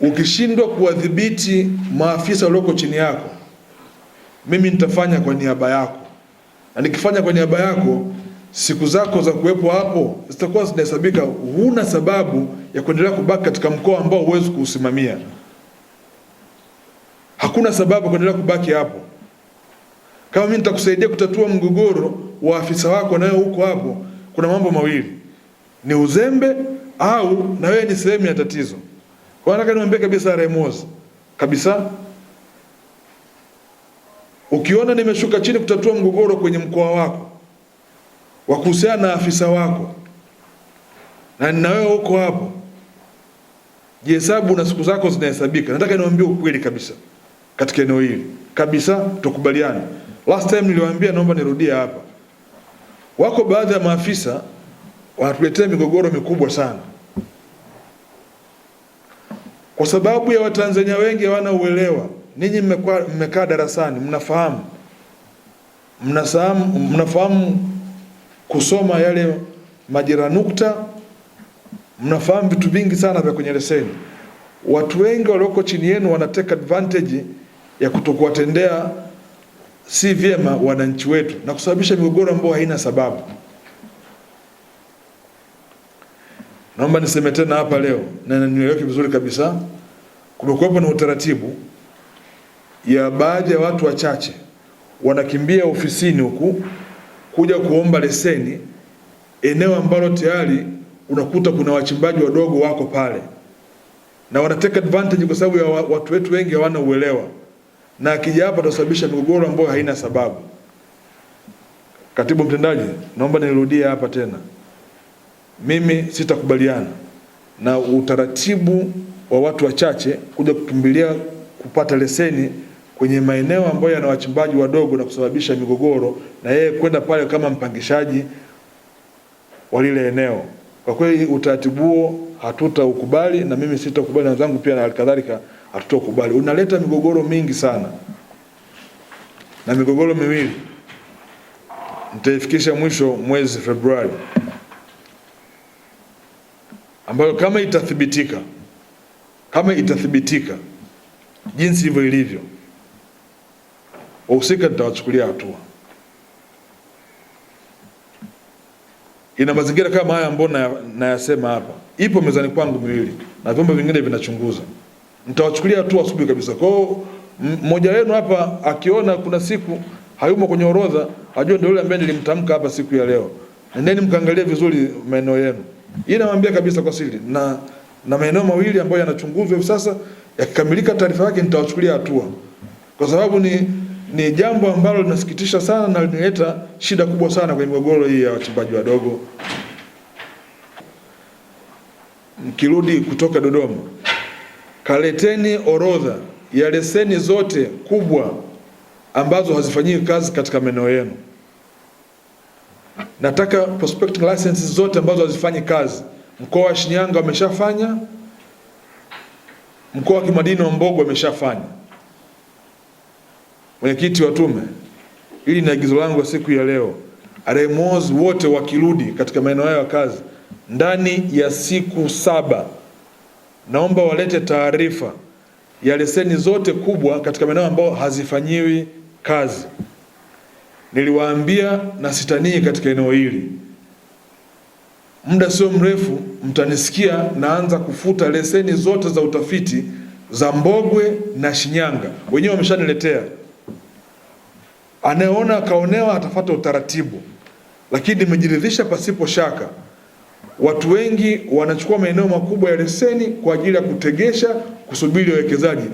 Ukishindwa kuwadhibiti maafisa walioko chini yako, mimi nitafanya kwa niaba yako, na nikifanya kwa niaba yako, siku zako za kuwepo hapo zitakuwa zinahesabika. Huna sababu ya kuendelea kubaki katika mkoa ambao huwezi kuusimamia. Hakuna sababu kuendelea kubaki hapo. Kama mimi nitakusaidia kutatua mgogoro wa afisa wako nayo huko hapo, kuna mambo mawili, ni uzembe au na wewe ni sehemu ya tatizo. Wanataka niwaambie kabisa Ramos. Kabisa. Ukiona nimeshuka chini kutatua mgogoro kwenye mkoa wako wa kuhusiana na afisa wako na na wewe uko hapo, jihesabu na siku zako zinahesabika. Nataka niwaambie ukweli kabisa katika eneo hili kabisa, tukubaliane. Last time niliwaambia, naomba nirudie hapa, wako baadhi ya maafisa wanatuletea migogoro mikubwa sana kwa sababu ya Watanzania wengi hawana uelewa. Ninyi mmekaa darasani, mnafahamu mnafahamu mnafahamu kusoma yale majira nukta, mnafahamu vitu vingi sana vya kwenye leseni. Watu wengi walioko chini yenu wana take advantage ya kutokuwatendea si vyema wananchi wetu na kusababisha migogoro ambayo haina sababu. Naomba niseme tena hapa leo na nieleweke vizuri kabisa, kumekuwepo na utaratibu ya baadhi ya watu wachache wanakimbia ofisini huku kuja kuomba leseni eneo ambalo tayari unakuta kuna wachimbaji wadogo wako pale na wanateka advantage, kwa sababu ya watu wetu wengi hawana uelewa, na akija hapa atasababisha migogoro ambayo haina sababu. Katibu mtendaji, naomba nirudie hapa tena mimi sitakubaliana na utaratibu wa watu wachache kuja kukimbilia kupata leseni kwenye maeneo ambayo yana wachimbaji wadogo na kusababisha migogoro, na yeye kwenda pale kama mpangishaji wa lile eneo. Kwa kweli utaratibu huo hatutaukubali, na mimi sitakubali na wenzangu pia, na halikadhalika hatutakubali. Unaleta migogoro mingi sana, na migogoro miwili nitaifikisha mwisho mwezi Februari ambayo kama itathibitika, kama itathibitika jinsi hivyo ilivyo, wahusika nitawachukulia hatua. Ina mazingira kama haya ambayo nayasema hapa, ipo mezani kwangu miwili na vyombo vingine vinachunguza, nitawachukulia hatua asubuhi kabisa. Kwa hiyo mmoja wenu hapa akiona kuna siku hayumo kwenye orodha, ajue ndio yule ambaye nilimtamka hapa siku ya leo. Nendeni mkaangalie vizuri maeneo yenu. Hii nawaambia kabisa kwa siri, na na maeneo mawili ambayo yanachunguzwa hivi sasa, yakikamilika taarifa yake nitawachukulia hatua, kwa sababu ni ni jambo ambalo linasikitisha sana na linaleta shida kubwa sana kwenye migogoro hii ya wachimbaji wadogo. Nikirudi kutoka Dodoma, kaleteni orodha ya leseni zote kubwa ambazo hazifanyii kazi katika maeneo yenu nataka prospecting licenses zote ambazo hazifanyi kazi. Mkoa wa Shinyanga wameshafanya, mkoa wa Kimadini wa Mbogo wameshafanya. Mwenyekiti wa tume, ili ni agizo langu siku ya leo, RMOs wote wakirudi katika maeneo yao ya kazi ndani ya siku saba, naomba walete taarifa ya leseni zote kubwa katika maeneo ambayo hazifanyiwi kazi niliwaambia na sitanii katika eneo hili. Muda sio mrefu mtanisikia naanza kufuta leseni zote za utafiti za Mbogwe na Shinyanga, wenyewe wameshaniletea. Anayeona akaonewa atafata utaratibu, lakini nimejiridhisha pasipo shaka, watu wengi wanachukua maeneo makubwa ya leseni kwa ajili ya kutegesha, kusubiri wawekezaji,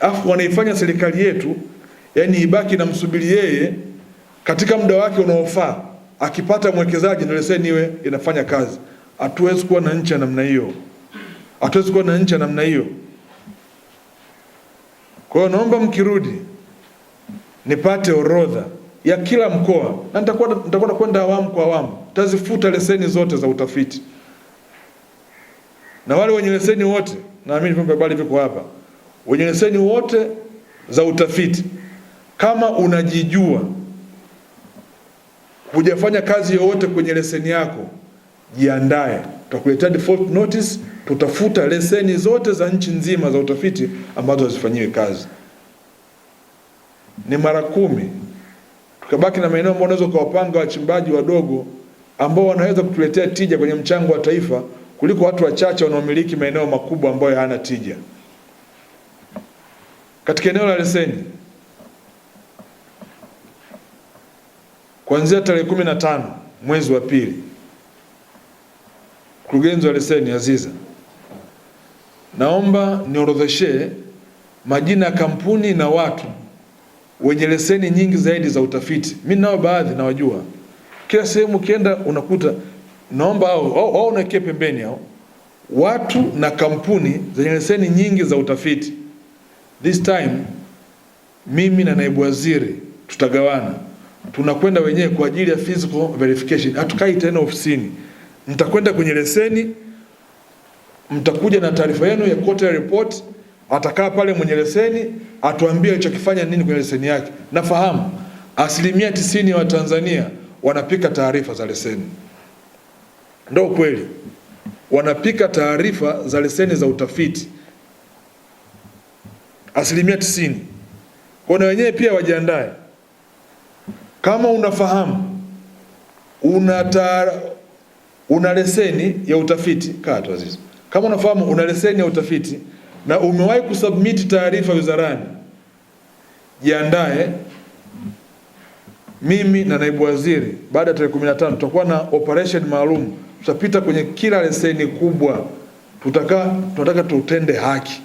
afu wanaifanya serikali yetu yani ibaki na msubiri yeye katika muda wake unaofaa akipata mwekezaji na leseni iwe inafanya kazi. Hatuwezi kuwa na nchi ya namna hiyo, hatuwezi kuwa na nchi ya namna hiyo. Kwa hiyo naomba mkirudi nipate orodha ya kila mkoa, na nitakwenda kwenda awamu kwa awamu, tazifuta leseni zote za utafiti na wale wenye leseni wote, naamini vyombo vya habari viko hapa, wenye leseni wote za utafiti, kama unajijua hujafanya kazi yoyote kwenye leseni yako, jiandae, tutakuletea default notice. Tutafuta leseni zote za nchi nzima za utafiti ambazo hazifanyiwi kazi, ni mara kumi. Tukabaki na maeneo ambayo unaweza ukawapanga wachimbaji wadogo ambao wanaweza kutuletea tija kwenye mchango wa taifa kuliko watu wachache wanaomiliki maeneo makubwa ambayo hayana tija. Katika eneo la leseni kuanzia tarehe kumi na tano mwezi wa pili, mkurugenzi wa leseni Aziza, naomba niorodheshe majina ya kampuni na watu wenye leseni nyingi zaidi za utafiti. mi nao baadhi nawajua, kila sehemu ukienda unakuta. Naomba hao hao unakie pembeni, hao watu na kampuni zenye leseni nyingi za utafiti. This time mimi na naibu waziri tutagawana tunakwenda wenyewe kwa ajili ya physical verification. Hatukai tena ofisini, mtakwenda kwenye leseni, mtakuja na taarifa yenu ya quarterly report. Atakaa pale mwenye leseni atuambie alichokifanya nini kwenye leseni yake. Nafahamu asilimia tisini ya wa Watanzania wanapika taarifa za leseni, ndio kweli, wanapika taarifa za leseni za utafiti asilimia tisini. Kwa na wenyewe pia wajiandae. Kama unafahamu una una leseni ya utafiti kaa tu Azizi, kama unafahamu una leseni ya utafiti na umewahi kusubmit taarifa wizarani, jiandae. Mimi na naibu waziri baada ya tarehe 15 tutakuwa na operation maalum, tutapita kwenye kila leseni kubwa, tutaka tunataka tutende haki.